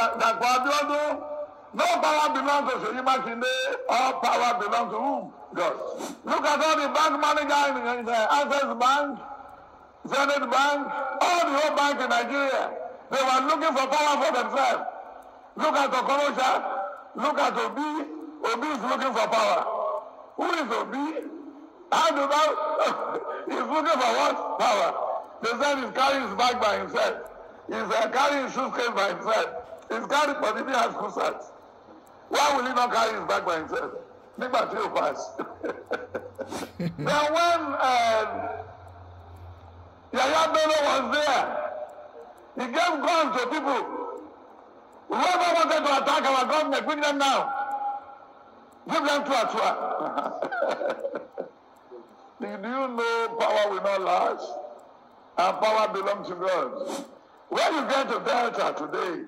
no power belongs to you, Seyi Makinde, all power belongs to whom? God. Look at all the bank manager in, in the Access Bank, Zenith Bank, all the whole bank in Nigeria. They were looking for power for themselves. Look at Okorosha, look at Obi, Obi is looking for power. Who is Obi? How do that? He's looking for what? Power. They said he's carrying his bag by himself. He's uh, carrying his suitcase by himself. He's carried but he didn't Why will he not carry his bag by himself? Nígbà tí o pass. Now when um, Yahya Bello was there, he gave guns to people. Whoever wanted to attack our government, bring them now. Give them to Atua. Do you know power will not last? And power belongs to God. Where you get to Delta today,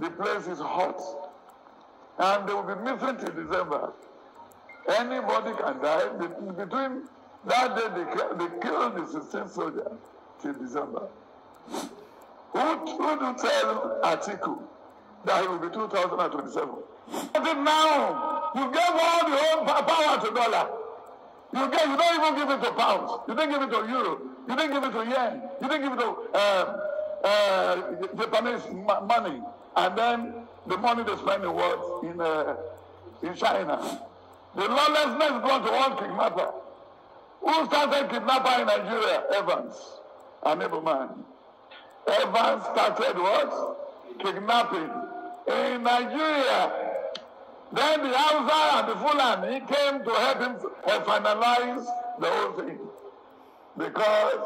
the place is hot. And they will be missing till December. Anybody can die. Between that day, they, they killed the 16th soldier till December. Who, who you tell Atiku that he will be 2027? Until now, you gave all the own power to dollar. You, get, you don't even give it to pounds. You did not give it to euro. You did not give it to yen. You did not give it to uh, uh, Japanese money and then the money they spend in what? In, uh, in China. The lawlessness goes to one kidnapper. Who started kidnapper in Nigeria? Evans, an able man. Evans started what? Kidnapping in Nigeria. Then the Hausa and the Fulani came to help him uh, finalize the whole thing. Because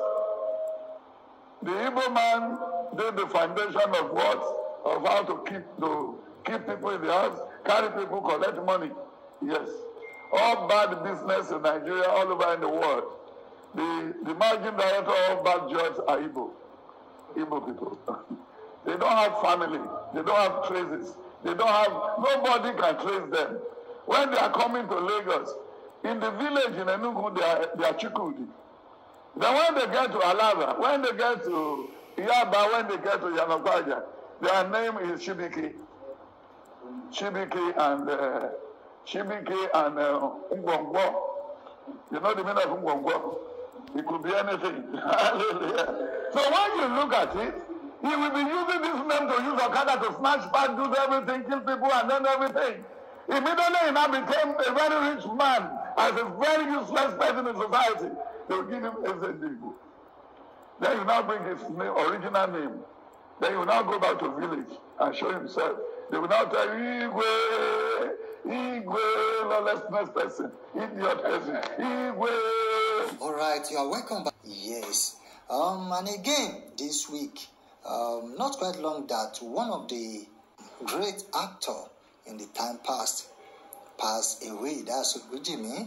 the Igbo man did the foundation of what? of how to keep to keep people in the house, carry people, collect money. Yes. All bad business in Nigeria, all over in the world. The, the managing director of bad jobs are Igbo. Igbo people. they don't have family. They don't have traces. They don't have, nobody can trace them. When they are coming to Lagos, in the village in Enugu, they are, they are Chikudi. Then when they get to Alaba, when they get to Yaba, when they get to Yanakwaja, their name is Shibiki. Shibiki and uh, Shibiki and uh, Ngongwo. You know the meaning of Ngongwo? It could be anything. so when you look at it, he will be using this name to use Okada to smash back, do everything, kill people, and then everything. Immediately he now became a very rich man as a very useless person in society. They will give him SND. Then you now bring his name, original name. Then he will now go back to village and show himself. They will now tell you, Igwe, Igwe, lawlessness person, idiot person, Igwe. All right, you are welcome back. Yes. Um, and again, this week, um, not quite long that one of the great actor in the time past passed away. That's good, Jimmy.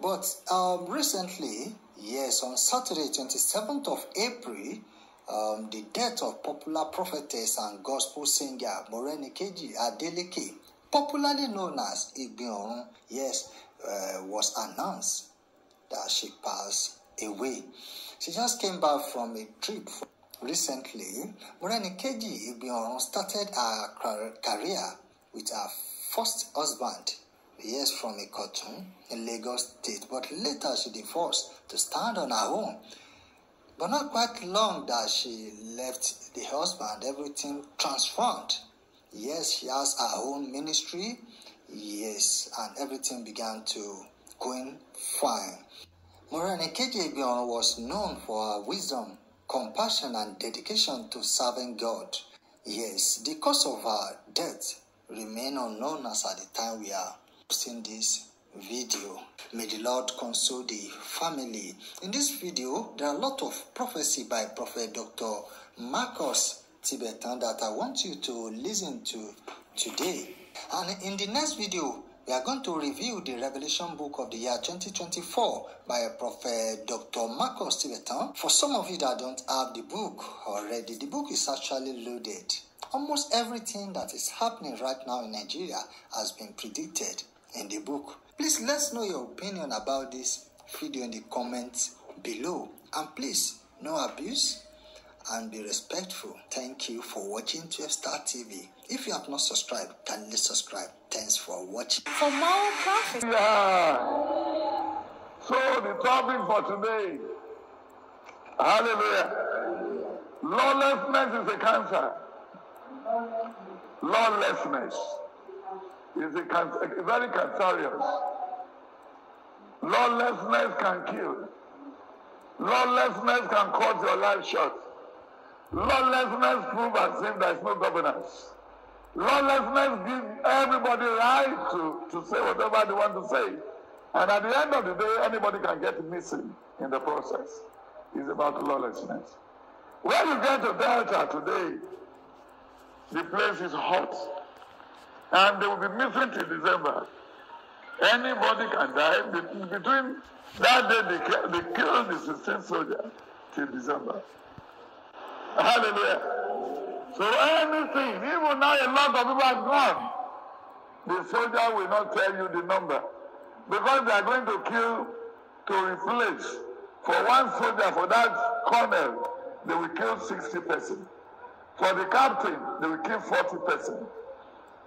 But um, recently, yes, on Saturday, 27th of April, um, the death of popular prophetess and gospel singer Keji Adeleke, popularly known as Igbiorun, yes, uh, was announced that she passed away. She just came back from a trip recently. Keji Igbiorun started her career with her first husband, yes, from Ikotun in Lagos State, but later she divorced to stand on her own. But not quite long that she left the husband, everything transformed. Yes, she has her own ministry. Yes, and everything began to going fine. Morani Kejebion was known for her wisdom, compassion, and dedication to serving God. Yes, the cause of her death remain unknown as at the time we are posting this video. May the Lord console the family. In this video, there are a lot of prophecy by Prophet Dr. Marcus Tibetan that I want you to listen to today. And in the next video, we are going to review the Revelation book of the year 2024 by Prophet Dr. Marcus Tibetan. For some of you that don't have the book already, the book is actually loaded. Almost everything that is happening right now in Nigeria has been predicted in the book Please let us know your opinion about this video in the comments below. And please, no abuse and be respectful. Thank you for watching 12 Star TV. If you have not subscribed, kindly subscribe. Thanks for watching. For more profit. Yeah. So the topic for today, hallelujah. Lawlessness is a cancer. Lawlessness is a, very cancerous. Lawlessness can kill. Lawlessness can cut your life short. Lawlessness proves as if there is no governance. Lawlessness gives everybody right to, to say whatever they want to say. And at the end of the day, anybody can get missing in the process. It's about lawlessness. When you get to Delta today, the place is hot and they will be missing till December. Anybody can die between that day they, they killed the 16 soldier till December. Hallelujah. So anything, even now a lot of people are gone. The soldier will not tell you the number because they are going to kill to replace. For one soldier, for that colonel, they will kill 60 persons. For the captain, they will kill 40 persons.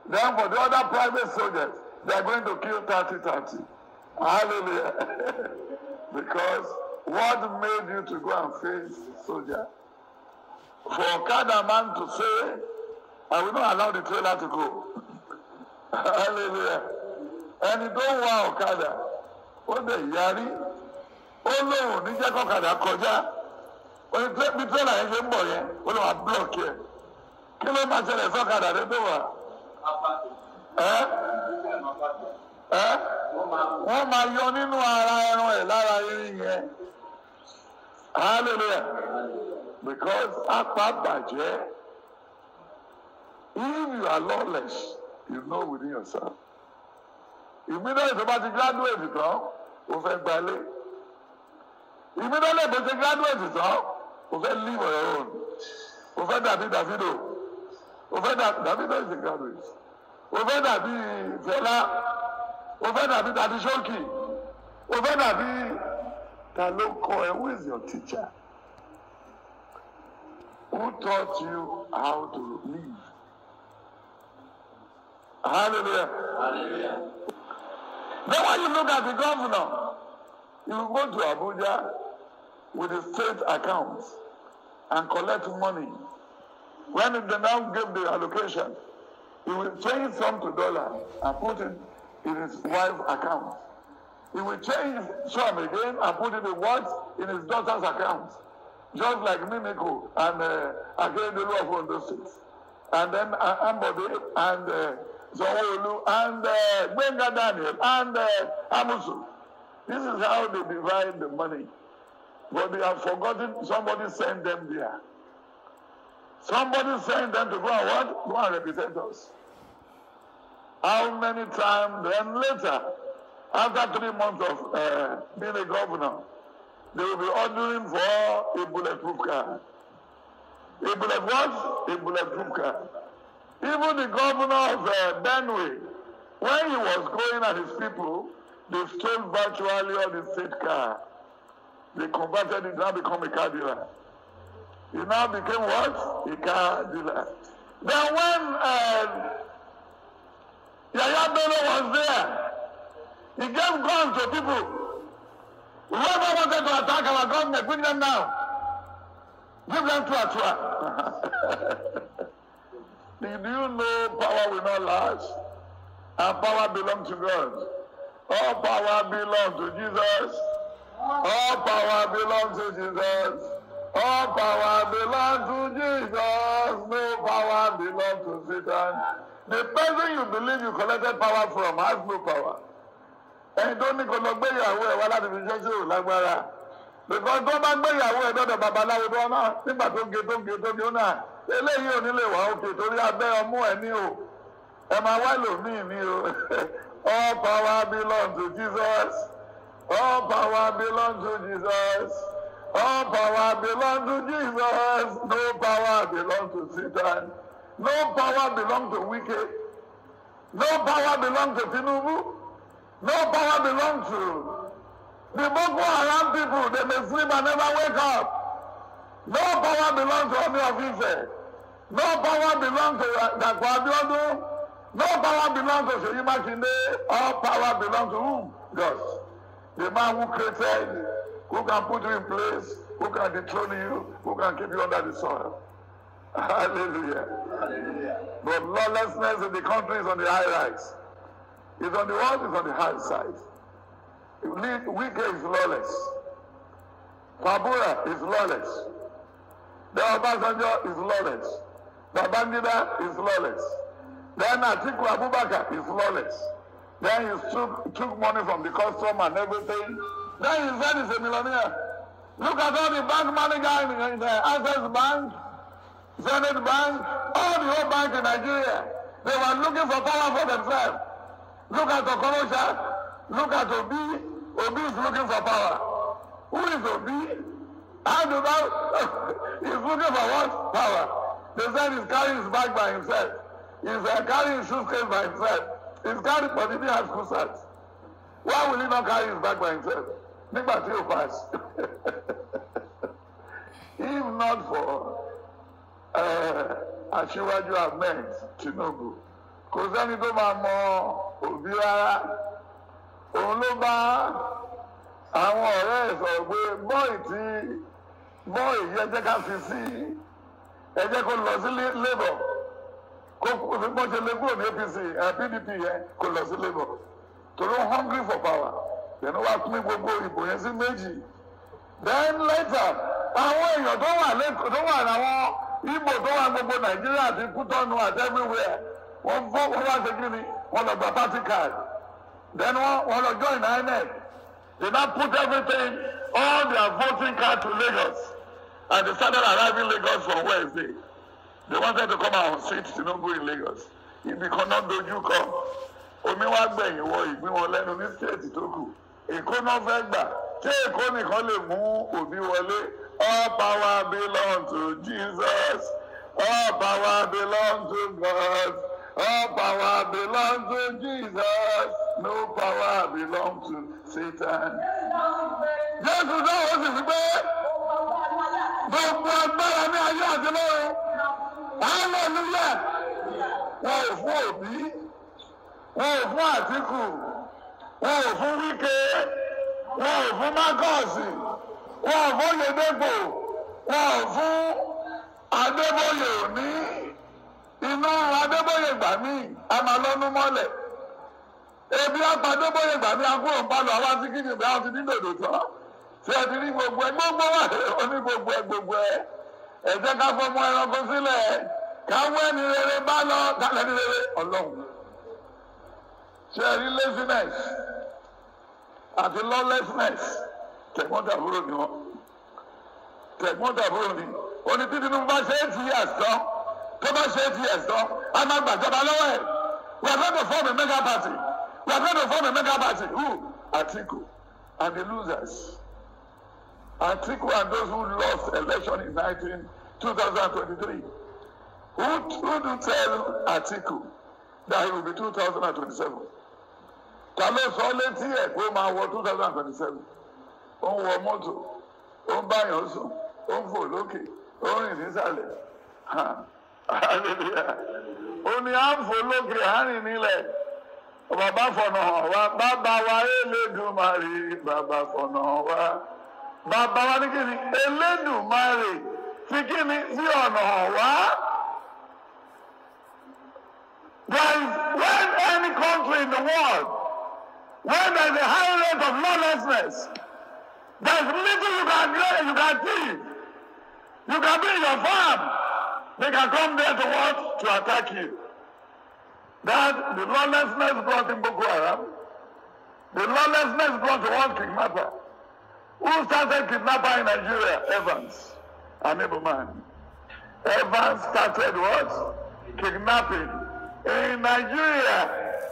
Then for the other private soldiers, they are going to kill 30 30. Hallelujah. because what made you to go and face soldier? For Kada man to say, I will not allow the trailer to go. Hallelujah. And you don't want Okada. What the yari? Oh no, ní jẹ́ kọ́kadà kọjá. Ó ní bí trailer yẹn ṣe ń bọ̀ yẹn, ó lè wá búlọ̀kì ẹ̀. Kí ló máa wọ́n máa yọ nínú ara ẹran ẹ̀ lára irin yẹn hallelujah because apá bàjẹ́ if you are lawless you know within yourself immediately tó bá ti graduate tán o fẹ́ gbalé immediately tó ti graduate tán o fẹ́ live on your own o fẹ́ dàbí Davido o fẹ́ dàbí Davido is a graduate. o dàbí Fẹlá o fẹ́ dàbí tàbí Ṣókì dàbí ta ló kọ ẹ who is your teacher who taught you how to live hallelujah hallelujah then when you look at the governor you go to Abuja with the state account and collect money when they now give the allocation. He will change some to dollar and put it in his wife's account. He will change some again and put it in what? In his daughter's account. Just like Mimiko and uh, again the law from the six. And then uh, and uh, and uh, Benga Daniel and uh, Amusu. This is how they divide the money. But they have forgotten somebody sent them there. Somebody sent them to go and what? Go and represent us. How many times then later, after three months of uh, being a governor, they will be ordering for a bulletproof car. A bullet what? A bulletproof car. Even the governor of uh, Benue, when he was going at his people, they stole virtually all the state car. They converted it, now become a car dealer. He now became what? A car dealer. Then when uh, Yaya Bello was there. He gave guns to people. Whoever wanted to attack our government, bring them down. Give them to Atua. Did you know power will not last? And power belongs to God. All power belongs to Jesus. All power belongs to Jesus. All power belongs to Jesus. No power belongs to Satan. The person you believe you collected power from has no power. Ẹni tó ní kò lọ gbé ìyàwó ẹ̀ wá láti fi ṣẹ́ṣẹ́ ò lágbára. Because tó bá gbé ìyàwó ẹ̀ dọ́dọ̀ babaláwo tó náà nígbà tó ge tó ge tó ge ó náà eléyìí ò ní lè wá òkè torí abẹ́ ọmú ẹ̀ ní o. Ẹ máa wá lòmíì ní o. All power belong to Jesus. All power belong to Jesus. All power belong to Jesus. No power belong to Satan. No power belongs to Wike. No power belongs to Tinubu. No power belongs to the Boko Haram people. They may sleep and never wake up. No power belongs to any of Ife. No power belongs to Dako Abiodun. No power belongs to Seyi Makinde. All power belongs to whom? God. The man who created, who can put you in place, who can dethrone you, who can keep you under the soil. Hallelujah. But lawlessness in the country is on the high rise. It's on the world, is on the high side. Wike is lawless. Kwabura is lawless. The Obasanjo is lawless. The Bandida is lawless. Then Atiku Abubakar is lawless. Then he took, took money from the custom and everything. Then he said he's a millionaire. Look at all the bank manager in the Access Bank, Senate Bank, all the old banks in Nigeria. They were looking for power for themselves. Look at Okorocha. Look at Obi. Obi is looking for power. Who is Obi? How do that? He's looking for what? Power. They said he's carrying his bag by himself. He's uh, carrying his suitcase by himself. He's carrying, but he didn't have school sacks. Why will he not carry his bag by himself? Nígbà tí pass. If not for uh, aṣíwájú ahmed tinubu kò sẹ́ni tó máa mọ òbí rárá òun ló bá àwọn ọ̀rẹ́ ẹ̀ sọ̀rọ̀ pé bọ́ọ̀ì tí bọ́ọ̀ì yẹ jẹ́ ká fi sí ẹ jẹ́ kó lọ sí labour kó bó ṣe lé kúrò ní apc pdp yẹn kó lọ sí labour torí ó hungry for power yẹn wá pín gbogbo ìbò yẹn sí méjì then later àwọn èèyàn tó wà lẹ́kọ̀ọ́ tó wà láwọn. Igbo tó wà gbogbo Nàìjíríà put on àti everywhere wọ́n gbọ́ wọ́n wá ṣe kíni wọ́n lọ gba party card then wọ́n wọ́n lọ join INEC they now put everything all their voting card to Lagos and they started arriving Lagos on Wednesday they wanted to come out and not go in Lagos ibi kan náà you come. omi wá gbẹ̀yìn wọ ìgbín wọn lẹ́nu ní stéètì tó kù Èkó náà fẹ́ gbà tí Èkó nìkan lè mú òbí wọlé. All power belongs to Jesus. All power belongs to God. All power belongs to Jesus. No power belongs to Satan. Jésù náà ó sì fi Hallelujah! Oh, wọn ò bóyè dépò wọn ò fún adébóyè òní inú adébóyè gbà mí amalọ́nú mọ́lẹ̀ ebi apá adébóyè gbà mí akúrò ń palọ̀ àwọn tí kìnìún bí àwọn ti ní dòdò tán tí ẹ ti ní gbogbo ẹ gbogbo wà ní gbogbo ẹ gbogbo ẹ ẹ jẹ́ ká fọmọ ẹranko sílẹ̀ káwọn ẹni rere bá lọ kálẹ̀ ẹni rere ọlọ́run ṣe rí laziness àti lawlessness. tẹ̀gbọ́ntàbúrò ni wọ́n tẹ̀gbọ́ntàbúrò ni bá ṣe tó bá ṣe a máa lọ́wọ́ ẹ̀ we are going to form a mega party we are going to form a mega party who Atiku and the losers Atiku and those who lost election in 192023. who who do tell Atiku that he will be 2027 ta ló sọ létí ẹ̀ pé ó máa wọ 2027. ó ń wọ mọ́tò ó ń báyàn sùn ó ń fò lókè ó ń rìn nísàlẹ̀ ó ní à ń fò lókè à ń rìn nílẹ̀ bàbá fọ̀nà hàn bàbá wa Elédùmarè bàbá fọ̀nà hàn bàbá wa ní kí ni fi kí sí ọ̀nà hàn There is when any country in the world when there is a high rate of lawlessness. There's little you can do, you can see. You can be in your farm. They can come there to watch, to attack you. That the lawlessness brought in Boko Haram. The lawlessness brought to one kidnapper. Who started kidnapper in Nigeria? Evans, an able man. Evans started what? Kidnapping in Nigeria.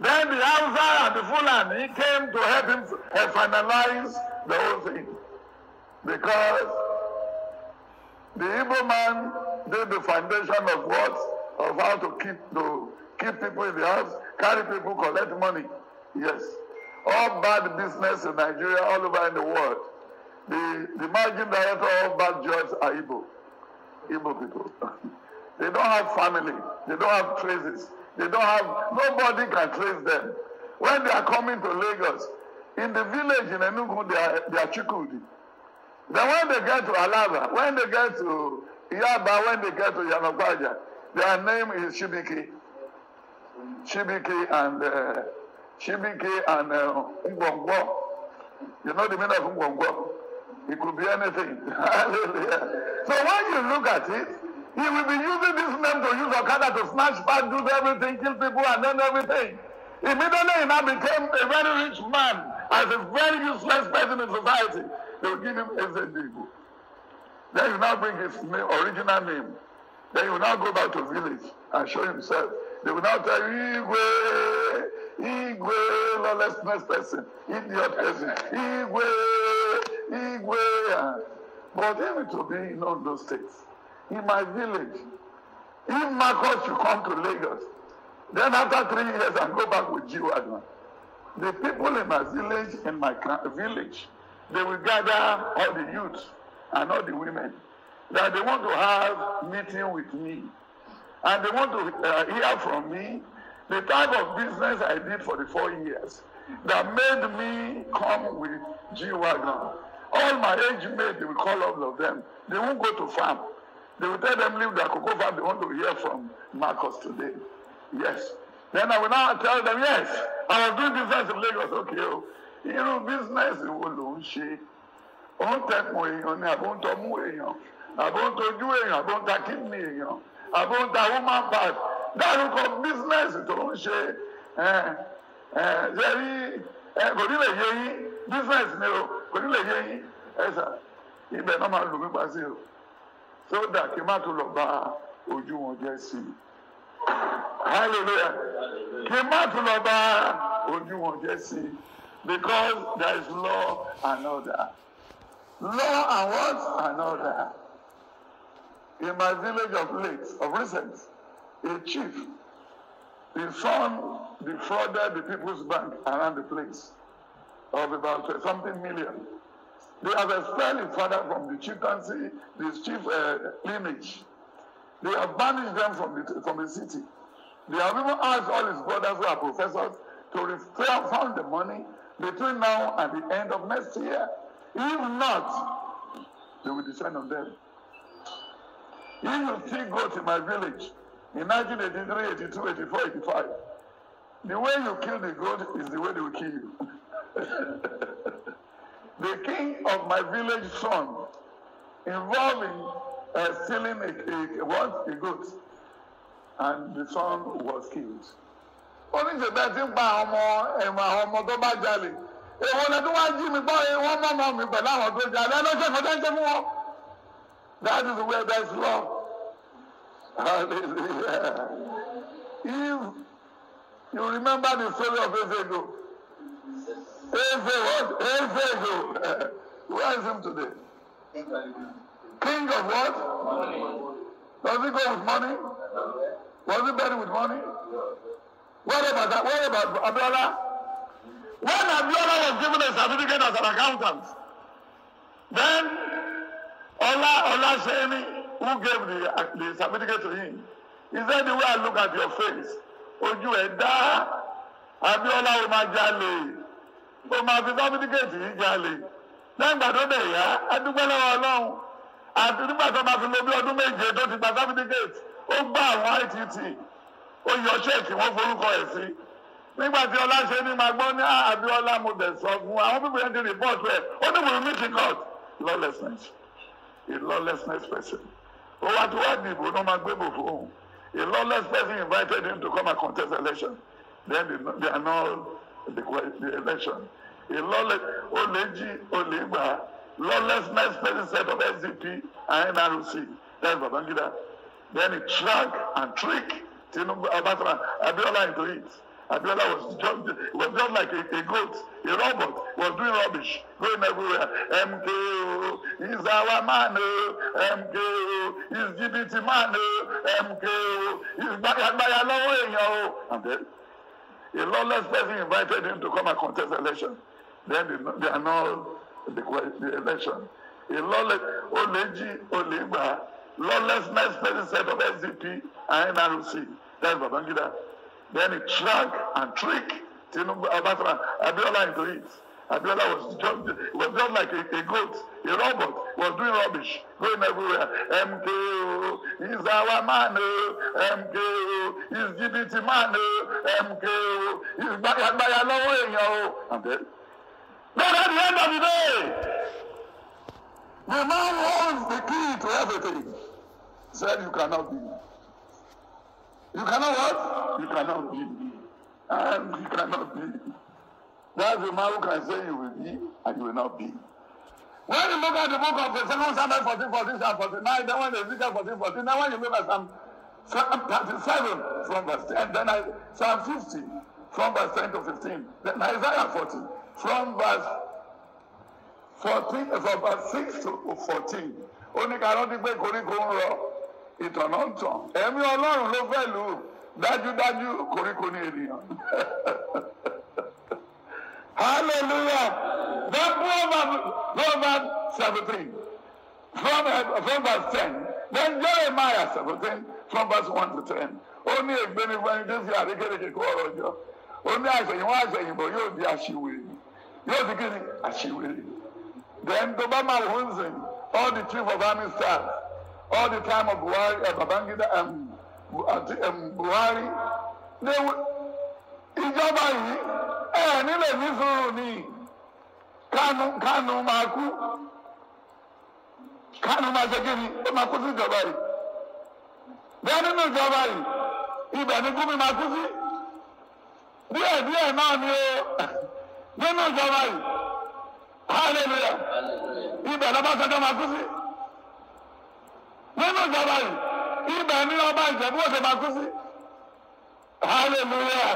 Then the Hausa and the Fulani came to help him finalize the whole thing. Because the evil man did the foundation of what? Of how to keep to keep people in the house, carry people, collect money. Yes. All bad business in Nigeria, all over in the world. The, the managing director of bad jobs are evil, evil people. they don't have family. They don't have traces. They don't have, nobody can trace them. When they are coming to Lagos, in the village in Enugu, they are, they are Chikudi. Then when they get to Alaba, when they get to Yaba, when they get to Yanagwaja, their name is Shibiki. Shibiki and uh, Shibiki and uh, You know the meaning of Ngongwo? It could be anything. so when you look at it, he will be using this name to use Okada to smash back, do everything, kill people, and then everything. Immediately he now became a very rich man as a very useless person in society, they will give him Ezedigu. Then he will now bring his name, original name. Then he will now go back to village and show himself. They will now tell Igwe, Igwe, lawlessness person, idiot person, Igwe, Igwe. But him to be in all those states. In my village, if Marcos should come to Lagos, then after three years, I go back with G-Wagon the people in my village in my village they will gather all the youth and all the women that they want to have meeting with me and they want to uh, hear from me the type of business i did for the four years that made me come with g-wagon all my age mates they will call all of them they won't go to farm they will tell them leave their cocoa farm they want to hear from marcus today yes Then I will now tell them, yes, I was doing business in Lagos, okay you oh. know business you wo ló ń ṣe? Ó ń tẹkùn èèyàn ni àbó ń tọmú èèyàn, àbó ń tojú èèyàn, àbó ń ta kídìní èèyàn, àbó ń ta woman part. Dárúkọ business tó ń ṣe ṣe Jerry, kò ní lè yé yín business ni o, kò ní lè yé yín ẹ̀sà ibẹ̀ náà not lù mí pa sí o. Sódà kí n má tún lọ bà ojú wọn jẹ́ hallelujah kí má of lọ bá oníwọ̀n because there is law and order law and what and order in my village of late of recent a chief the son defrauded the people's bank around the place of about something million they have expelled his father from the chieftaincy This chief uh, lineage. They have banished them from the, from the city. They have even asked all his brothers who are professors to refund the money between now and the end of next year. If not, they will descend on them. If you still go to my village in 1983, 82, 84, 85, the way you kill the goat is the way they will kill you. the king of my village son, involving uh, stealing a, a, what? A goat. And the son was killed. Ó ní ìṣẹ̀dá tí ń pa ọmọ ẹ̀wọ̀n àwọn ọmọ tó bá jalè. Èwo ni tó wá jí mi gbọ́ wọ́n mọ̀ mọ́ mi pẹ̀lú àwọn tó jalè ẹlọ́jọ́ ìfọ̀dá ń jẹ́ fún wọn. That is where there is love. Hallelujah. If you remember the story of Ezego. Ezego, Ezego. Where is him today? King of what? Does he go with money? Was he buried with money? What about that? What about Abiola? When Abiola was given a certificate as an accountant, then Allah Ola me, who gave the, uh, the certificate to him, he said, the way I look at your face, ojú ẹ̀ dá Abiola ó máa jalè, ó máa certificate yìí jalè. Then ìgbà tó dẹ̀ yá, a dúpẹ́ lọ́wọ́ àti nígbà tó máa fi lo bí ọdún méje tó ti gba certificate ó gba àwọn ITT ó yọ ṣẹ́ẹ̀kì wọ́n forúkọ ẹ̀ sí nígbà tí ọlá ṣe ní máa gbọ́ ní ah, Abíọ́lá mo dẹ̀ sọ fún àwọn people yẹn ti report rẹ̀ ní wùrú mi ti lawlessness a lawlessness person ó wá tó wá dìbò náà máa gbébò fún òun a lawless person invited him to come and contest election then they, they annul the, the election a lawless olè jí olè gbà á lawlessness president of SDP and NRC. That's Babangida. Then it shrunk and tricked Tinubu Abatra Abiola into it. Abiola was just, was just like a, a goat, a robot, was doing rubbish, going everywhere. MKO is our man, oh. MKO is GBT man, oh. MKO is Bayalawo. Eh, and then a lawless person invited him to come and contest election. Then they, they are now the, the election. A lawless Oleji Olegba, lawlessness president of SDP and NRC. That's Babangida. Then he track and trick Tinubu Abatra Abiola into it. Abiola was just was just like a, a goat, a robot, was doing rubbish, going everywhere. MKO is our man, oh. MKO is GBT man, oh. MKO is Bayalawo. Oh. And then but at the end of the day, the man holds the key to everything. Said you cannot be. You cannot what? You cannot be. And you cannot be. That's the man who can say you will be and you will not be. When you look at the book of the second Samuel 14, 14, and 49, then when Ezekiel 14, 14, then when you look at Psalm, Psalm 37 from verse 10, then I, Psalm 50 from verse 10 to 15, then Isaiah fourteen from verse fourteen from verse six to fourteen ó ní ká rántí pé koríko ń rọ ìtànà ń tàn ẹ̀mí ọlọ́run ló fẹ́ lù dájúdájú koríko ní ènìyàn hallelujah then proverbs proverbs seventeen from, uh, from verse ten then jeremiah seventeen from verse one to ten. Only ten ó ní ègbé ní fún ẹni tó fi àrékérekè kó ọ̀rọ̀ say ó ní àṣẹyìnwó àṣẹyìnbó yóò di àṣìwèrè. yóò di kíni àṣìwèrè then tó bá máa wọ́n sìn all the chief of army staff all the time of Buhari uh, Babangida um, àti um, Buhari ìjọba yìí ẹ nílẹ̀ ní sùúrù ni Kanu Kanu máa kú Kanu máa ṣe kíni ó máa kú sí ìjọba yìí bẹ́ẹ̀ nínú ìjọba yìí ibẹ̀ ni Gumi máa kú sí díẹ̀ díẹ̀ náà ni ó women's rights hallelujah ibẹ̀ lọ́ba sọ́jọ́ máa kú sí women's rights ibẹ̀ ní ọba ìjẹ̀bú ọ̀sẹ̀ máa kú sí hallelujah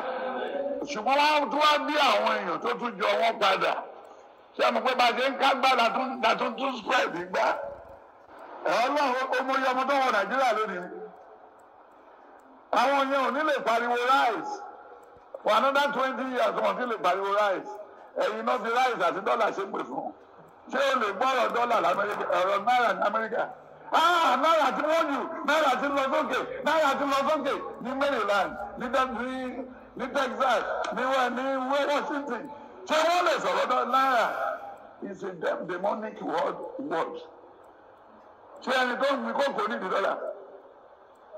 ṣùgbọ́n wọ́n tún wá bí àwọn èèyàn tó tún jọ wọ́n padà ṣé àmọ́ pé bàjẹ́ ń ká gbà látún tún spread gbá ọlọ́run omoyè ọmọ tó wọ nàìjíríà lónìí àwọn yẹn ò ní lè pariwo rice for another twenty years wọn ti lè pariwo rice ẹ̀yin náà fi ráìsì àti dọ́là ṣe pè fún ṣé o lè gbọ́rọ̀ dọ́là lamẹ́ríkà ọ̀rọ̀ náírà ní amẹ́ríkà ah náírà ti wọ́n jù náírà ti lọ sókè náírà ti lọ sókè ní Maryland ní ní Texas ní wọ́n ní Washington ṣé wọ́n lè sọ̀rọ̀ náírà is a demonic word word ṣé ẹni tó ń gbin kókò ní ìdílọ́là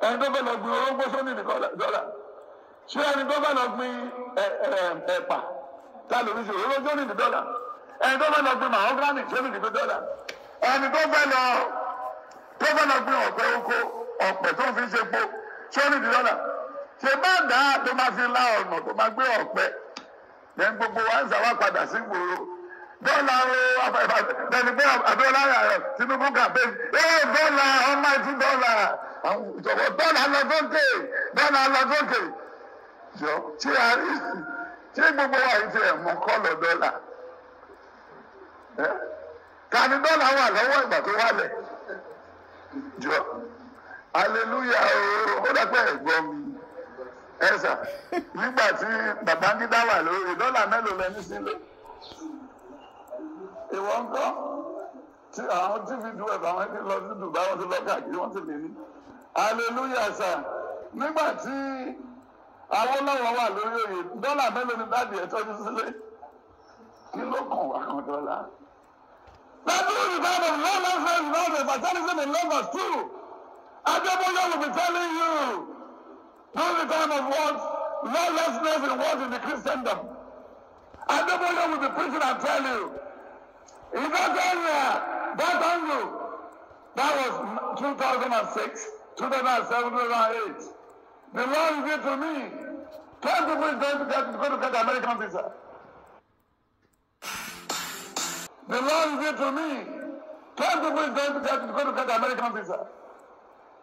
ẹni tó fẹ́ lọ gbin orógbó sóní ìdílọ́là ṣé ẹni tó fẹ́ lọ gbin ẹ̀pà lálẹ́ omi ṣòro lójú ní ìdí dọ́là ẹni tó fẹ́ lọ gbin mahogany tí ó ní ìdí dọ́là ẹni tó fẹ́ lọ tó fẹ́ lọ gbin ọ̀pẹ oko ọ̀pẹ tó fi ṣe po tí ó ní ìdí dọ́là ṣe bá dá tó máa fi la ọ̀nà tó máa gbé ọ̀pẹ yẹn gbogbo wa ń sàwá padà sí gbòòrò dọ́là o ẹni pé Abíọ́lá rẹ̀ Tinubu campaign ee dọ́là almighty dọ́là dọ́là lọ sókè dọ́là lọ sókè jọ tí a rí sí ṣé gbogbo wa yìí ti ẹ̀ mọ kọ́lọ̀ dọ́là tani dọ́là wà lọ́wọ́ ìgbà tó wà lẹ̀ jọ aleluya ooo ó dàgbà ẹ̀gbọ́n mi ẹ̀sà nígbà tí Babangida wà lórí dọ́là mélòó lẹ́ni sílẹ̀ ìwọ ń kọ́ tí àwọn tí fi du ẹ̀fọ́ àwọn ẹni lọ sí Dubai wọ́n ti lọ káàkiri wọ́n ti lè ní aleluya sà nígbà tí. Awólọ́wọ̀ wà lórí òye dọ́là mélòó ni dáàbì ẹ̀ tọ́jú sílé kí ló kàn wá kan dọ́là. Nàìjíríà is out of love and friends now the fatalism in Lagos too. Adébóyè will be telling you during the time of what lawlessness and what in the Christendom. Adébóyè will be preaching and tell you. In that area, that angle, that was 2006, 2007, 2008. The Lord is to me. Tell is going to get, going to get American visa. The law is here to me. Tell people is going to get, going to get American visa.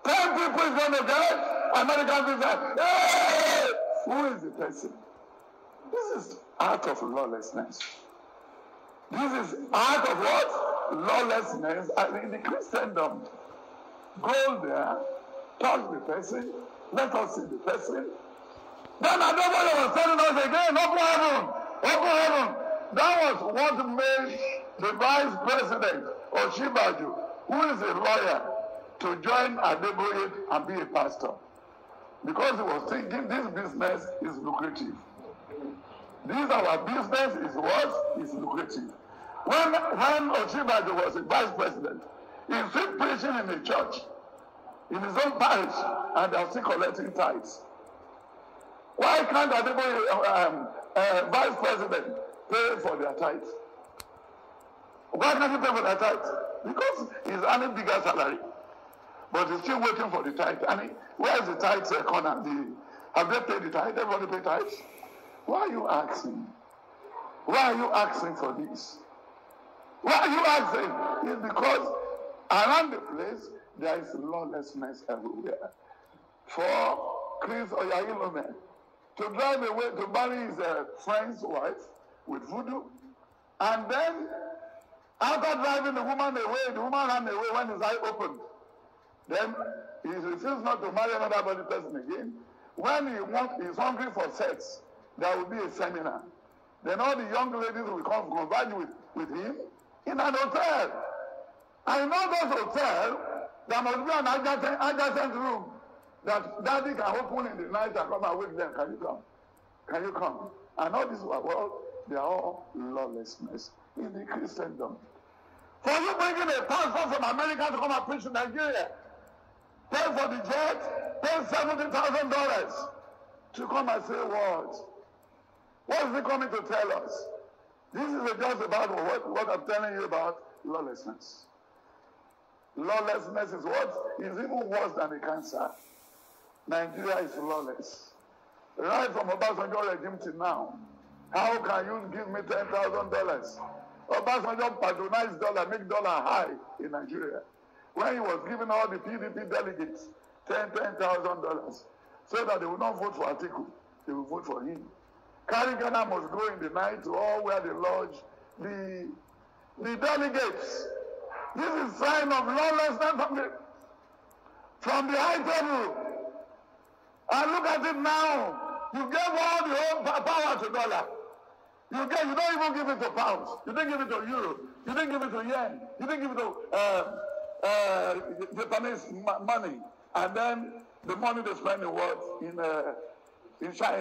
Tell people is going to get American visa. Hey! Who is the person? This is out of lawlessness. This is out of what? Lawlessness. I mean, the Christendom. Go there, touch the person, let us see the person, then Adobolo was telling us again, open heaven, open heaven. That was what made the vice president, Oshibaju, who is a lawyer, to join Adeboye and be a pastor. Because he was thinking this business is lucrative. This our business is what? Is lucrative. When, when Oshibaju was a vice president, he was preaching in the church, in his own parish, and they are still collecting tithes. Why can't Adebayo, um, uh, vice president, pay for their tithes? Why can't he pay for their tithes? Because he's earning bigger salary. But he's still waiting for the tithe. And where's the tithe uh, corner? The, have they paid the tithe? Everybody pay tithes? Why are you asking? Why are you asking for this? Why are you asking? It's because around the place there is lawlessness everywhere. For Chris or men to drive away, to marry his uh, friend's wife with voodoo. And then, after driving the woman away, the woman ran away when his eye opened. Then he refused not to marry another body person again. When he want, he's hungry for sex, there will be a seminar. Then all the young ladies will come converge with, with him in an hotel. in all those hotel, there must be an adjacent, adjacent room. That daddy can open in the night and come and wake them. Can you come? Can you come? And all these world, they are all lawlessness in the Christendom. For you bringing a pastor from America to come and preach in Nigeria, pay for the jet, pay $70,000 to come and say what? What is he coming to tell us? This is just about what, what I'm telling you about lawlessness. Lawlessness is what is even worse than the cancer. Nigeria is lawless. Right from Obasanjo regime to now, how can you give me ten thousand dollars? Obasanjo patronized dollar, make dollar high in Nigeria. When he was giving all the PDP delegates ten ten thousand dollars, so that they will not vote for Atiku, they will vote for him. Carry Ghana must go in the night to all where they lodge the the delegates. This is sign of lawlessness from the from the high table. And look at it now. You gave all your own power to dollar. You gave, you don't even give it to pounds. You didn't give it to euro. You didn't give it to yen. You didn't give it to uh, uh, Japanese money. And then the money they spend in what? In, uh, in China.